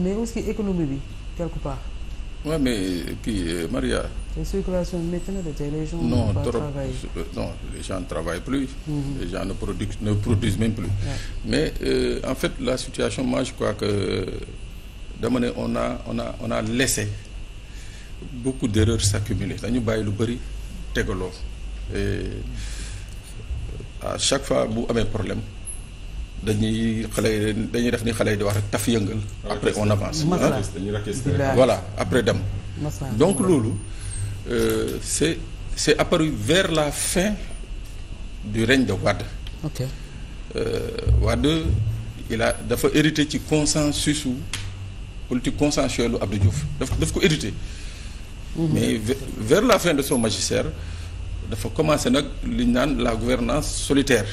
mais aussi économie bi quelque part. kii euh, Maria. les circulations métti na de tey les non trop euh, non les gens ne plus. Mm -hmm. ne produisent ne produisent même plus. mais euh, en fait la situation moi je crois que dama ne on a on a on a laissé beaucoup d'erreurs s'accumuler dañu bàyyi lu bëri tegaloo et à chaque fois bu amee problème. dañuy xale yi dañuy def ni xale yi di wax rek taf yëngal. après on avance. voilà après dem. donc loolu euh, c' est c' est apparu vers la fin du règne de Wade. ok euh, Wade il a dafa hérité ci consensus su politique consensuelle lu Abdou Diouf daf daf ko hérité. Mhm. mais vers la fin de son magistère dafa commencé nag li ñu naan la gouvernance solitaire.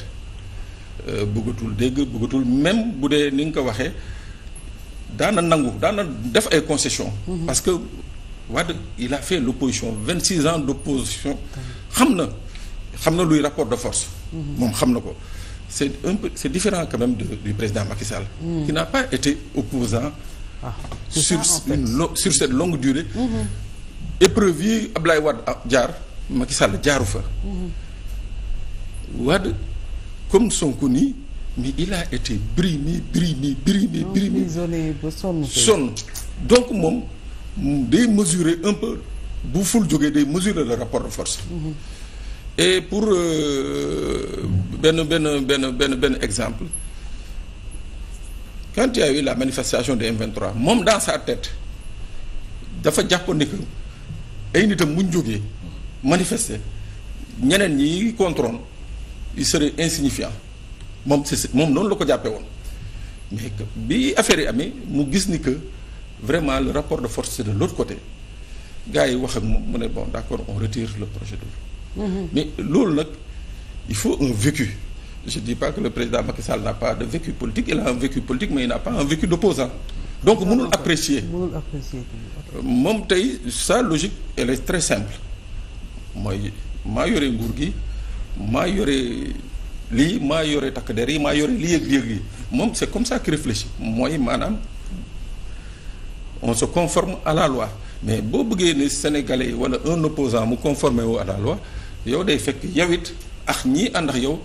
Euh, bëggatul dégg bëggatul même bu dee ni nga ko waxee daana nangu daana def ay concessions. Mhm. parce que Wade il a fait l'opposition vingt six ans d'opposition xam na xam na luy rapport de force mhm. moom xam na ko c'est un peu c'est différent quand même du président Macky mhm. qui n'a pas été opposant ah, sur ça, en fait. une lo, sur cette longue durée épreuve yi Abdoulaye Wade ah, jaar Macky jaaru fa Wade comme Sonko nii mais il a été brimé brimé brimé brimé sonn donc moom day mesurer un peu bu ful jógee day mesurer la rapport de force mhm. et pour euh, benn benn benn benn benn exemple quand il la manifestation de m moom dans sa tête dafa jàpp ni que ay nitam muñ jógee manifester ñeneen ñi contrôle il serait insignifiant moom c'est moom noonu la ko jàppee woon mais bi affaire yi amee mu gis ni que vraiment le rapport de force de l'autre côté gars yi wax ak moom mu ne bon d'accord on retire le projet de mm-hmm. mais loolu nag il faut un vécu je dis pas que le président Macky n'a pas de vécu politique il a un vécu politique mais il n'a pas un vécu d'opposant donc ah, mënul apprécier euh, moom tey sa logique elle est très simple mooy maa yore nguur gi maa yore lii maa yore takk der yi maa yore lii ak lii ak lii moom c'est comme ça qu'il réfléchit mooy maanaam on se conforme à la mais boo bëggee ne sénégalais wala un opposant mu conformer wu à la yow day fekk yow it ak ñii ànd ak yow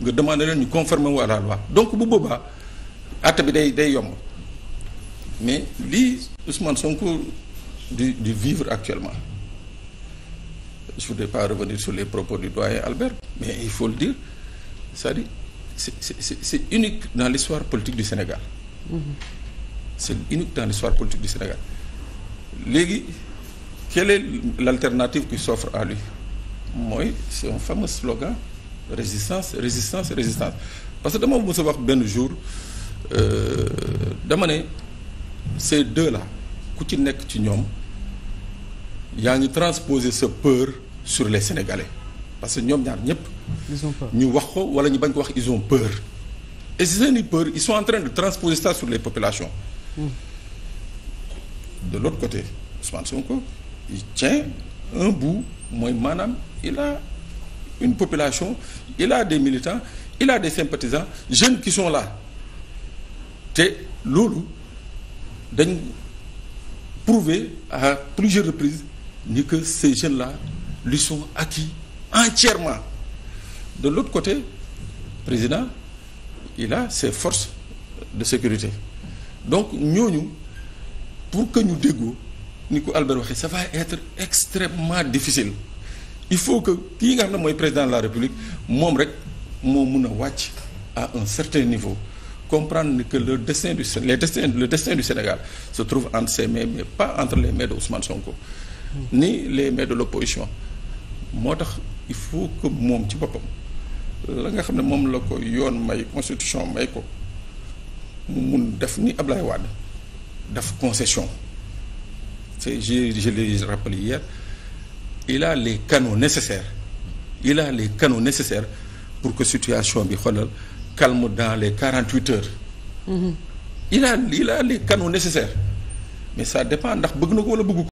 nga demandé leen ñu conformer wu à donc bu boobaa àtte bi day day yomb mais lii Ousmane Sonko di di vivre actuellement je voudrais pas revenir sur les propos du doyen Albert mais il faut le dire cest à c'est c'est unique dans l'histoire politique du Sénégal mm -hmm. c'est unique dans l'histoire politique du Sénégal léegi quelle l'alternative qui s'offre à lui mooy c'est un fameux slogan résistance résistance résistance parce que dama mos a wax benn jour euh, dama ne ces deux la ku ci nekk ci ñoom yaa ngi transposer sa peur sur les sénégalais parce que ñoom ñaar ñëpp. ils ont ñu wax ko wala ñu bañ ko wax ils ont peur. et si seeni peur ils sont en train de transposer ça sur les populations. Hmm. de l'autre côté Ousmane Sonko il tient un bout mooy maanaam il a une population il a des militants il a des sympathisants jeunes qui sont la te loolu dañ prouver à plusieurs reprises. ni que ces la là lui sont acquis entièrement de l'autre côté président il a ses force de sécurité donc ñooñu pour que ñu déggoo ni ko Albert waxee ça va être extrêmement difficile il faut que kii nga xam ne mooy président de la République moom rek moo mun a wàcc à un certain niveau comprendre que le destin du les destins, le destin du Sénégal se trouve entre ses mais pas entre les mains de Ousmane Sonko ni les maires de l'opposition moo tax il faut que moom ci boppam la nga xam ne moom la ko yoon may constitution may ko mu mun def ni Ablaye Wade def concession c'est je je l'ai rappelé hier il a les canaux nécessaires il a les canaux pour que situation bi xoolal calme dans les quarante-huit heures mm -hmm. il a il a les mais ça dépend ndax bëgg na ko wala bëgg ko